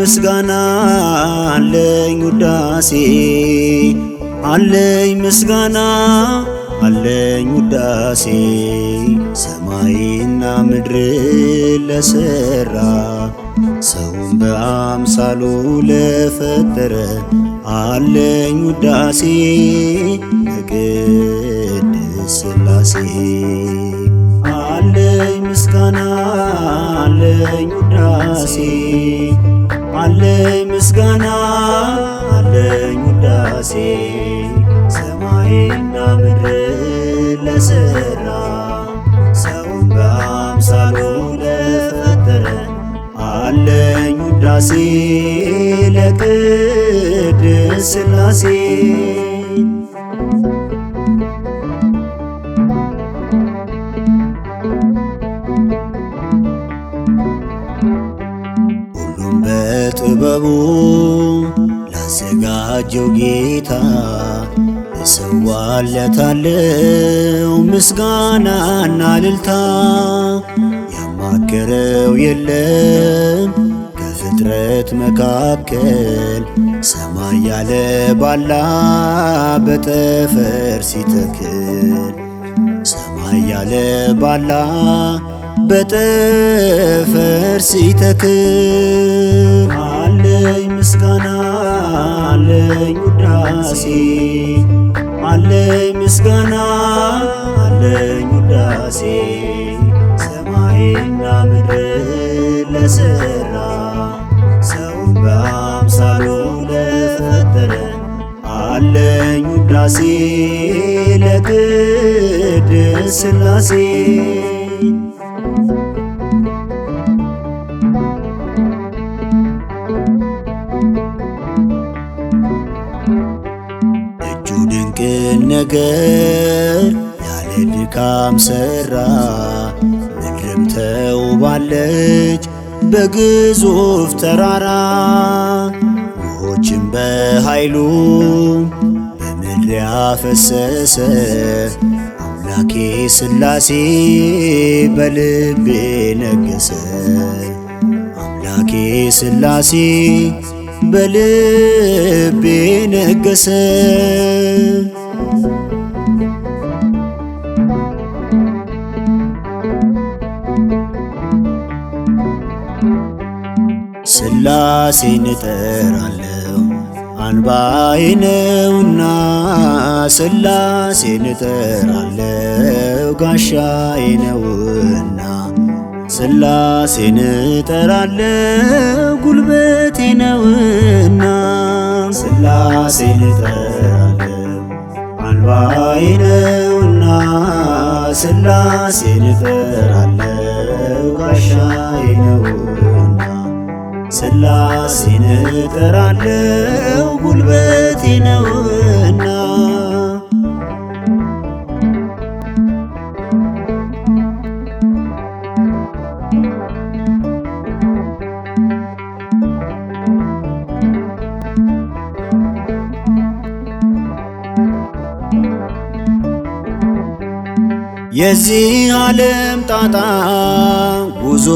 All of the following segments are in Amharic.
ምስጋና አለኝ ውዳሴ አለኝ ምስጋና አለኝ ውዳሴ ሰማይና ምድር ለሰራ ሰውን በአምሳሉ ለፈጠረ አለኝ ውዳሴ ለቅድስ ሥላሴ አለኝ ምስጋና አለኝ ውዳሴ አለኝ ምስጋና አለኝ ውዳሴ ሰማይና ምድር ለሰራ ሰውን በአምሳሉ ለፈጠረ አለኝ ውዳሴ ለቅድስ ሥላሴ በጥበቡ ላዘጋጀው ጌታ እሰዋለታለው ምስጋናና ልልታ። ያማከረው የለም ከፍጥረት መካከል ሰማይ ያለ ባላ በጠፈር ሲተክል ሰማይ ያለ ባላ በጠፈር ሲተክል አለኝ ምስጋና አለኝ ውዳሴ አለኝ ምስጋና አለኝ ውዳሴ ሰማይና ምድር ለሰራ ሰውን በአምሳሉ ለፈጠረ አለኝ ውዳሴ ለቅድስ ሥላሴ ነገር ያለ ድካም ሠራ። ምድርም ተውባለች በግዙፍ ተራራ። ውኆችን በኃይሉ በምድር ያፈሰሰ አምላኬ ሥላሴ በልቤ ነገሰ። አምላኬ ሥላሴ በልቤ ነገሰ። ሥላሴን እጠራለሁ አንባዬ ነውና፣ ሥላሴን እጠራለሁ ጋሻዬ ነውና፣ ሥላሴን እጠራለሁ ጉልበቴ ነውና፣ ሥላሴን እጠራለሁ አንባዬ ነውና፣ ሥላሴን እጠራለሁ ጋሻዬ ነው ሥላሴን እጠራለው ጉልበቴ ነውና የዚህ ዓለም ጣጣ ጉዞ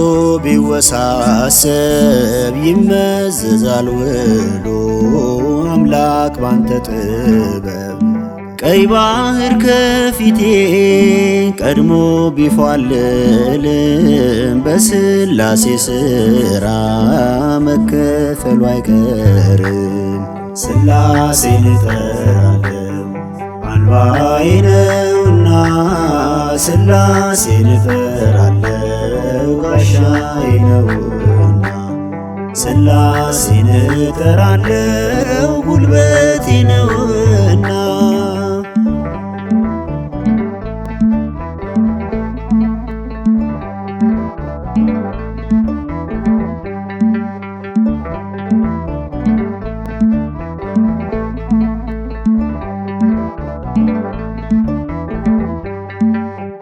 ቢወሳሰብ ይመዘዛል ውሎ አምላክ ባንተ ጥበብ ቀይ ባህር ከፊቴ ቀድሞ ቢፏልልም በስላሴ ስራ መከፈሉ አይቀርም። ስላሴ እጠራለሁ አልባይነውና ስላሴ ስላሴን ጋሻዬ ነውና ሥላሴን እጠራለው ጉልበቴ ነውና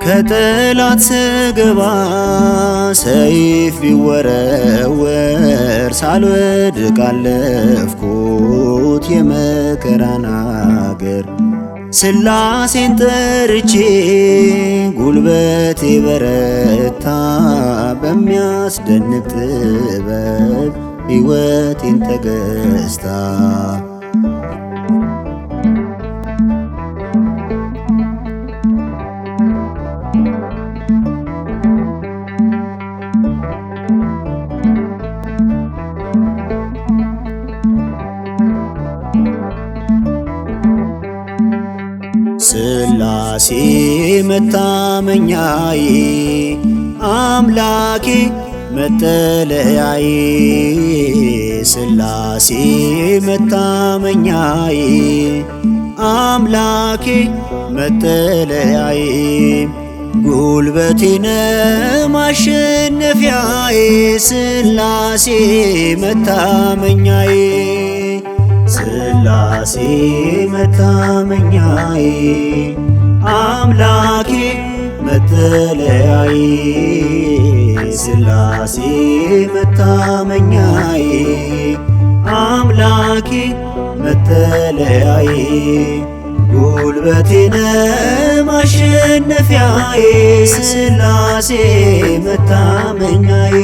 ከጠላት ስገባ ሰይፍ ቢወረወር ሳልወድቅ አለፍኩት የመከራን አገር። ስላሴን ጠርቼ ጉልበቴ በረታ በሚያስደንቅ ጥበብ ሕይወቴን ተገዝታ መታመኛዬ አምላኬ መጠለያዬ ስላሴ መታመኛዬ አምላኬ መጠለያዬ ጉልበቴነ ማሸነፊያዬ ሥላሴ መታመኛዬ ሥላሴ መታመኛዬ መጠለያዬ ስላሴ መታመኛይ አምላኬ መጠለያዬ ጉልበቴነ ማሸነፊያዬ ሥላሴ መታመኛዬ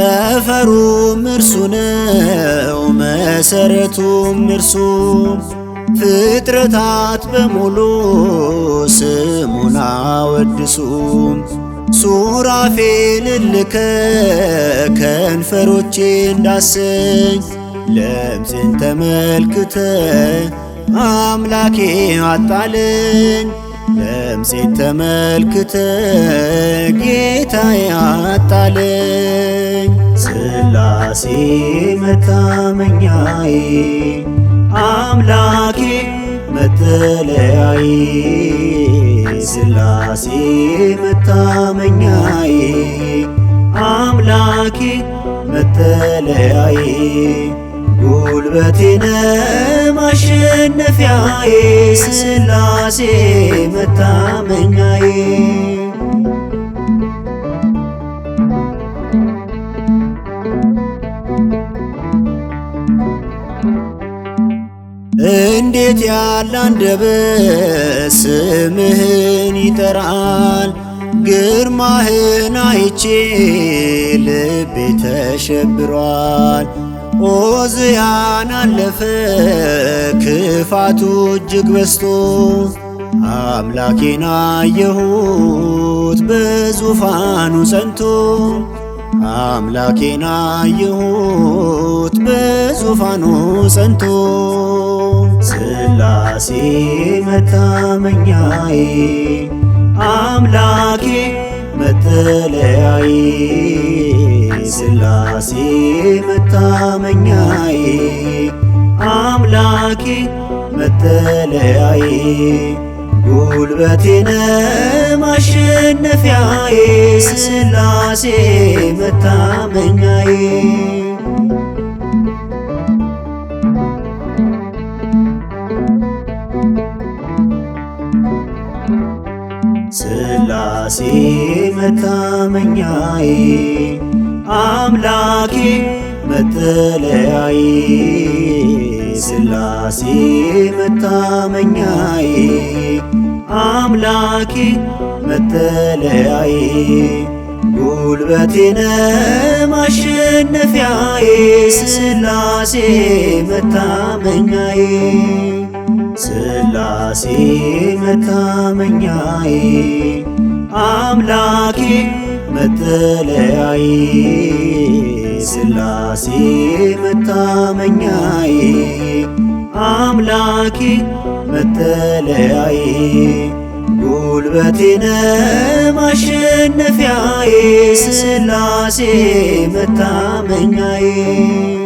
ጠፈሩም እርሱ ነው መሰረቱም እርሱ ፍጥረታት በሙሉ ስሙን አወድሱ ሱራፌል ልከ ከንፈሮቼ እንዳሰኝ ለምዝን ተመልክተ አምላኬ አጣለኝ ለምሴት ተመልክተ ጌታ ያጣለኝ ስላሴ መታመኛዬ አምላኬ መተለያይ ስላሴ መታመኛዬ አምላኬ መተለያዬ ጉልበቴነ ማሸነፊያዬ ስላሴ መታመኛዬ እንዴት ያለ አንደበት ስምህን ይጠራል ግርማህን አይቼ ልቤ ተሸብሯል። ዖዝያን አለፈ ክፋቱ እጅግ በስቶ አምላኬን አየሁት በዙፋኑ ጸንቶ አምላኬን አየሁት በዙፋኑ ጸንቶ ሥላሴ መታመኛዬ አምላ መጠለያዬ ሥላሴ መታመኛዬ አምላኬ መጠለያዬ ጉልበቴን ማሸነፊያዬ ሥላሴ መታመኛዬ ራሴ መታመኛዬ አምላኬ መጠለያዬ ስላሴ መታመኛዬ አምላኬ መጠለያዬ ጉልበቴነ ማሸነፊያዬ ስላሴ መታመኛዬ ሥላሴ መታመኛዬ አምላኪ መጠለያዬ ስላሴ መታመኛዬ አምላኪ መጠለያዬ ጉልበቴነ ማሸነፊያዬ ስላሴ መታመኛዬ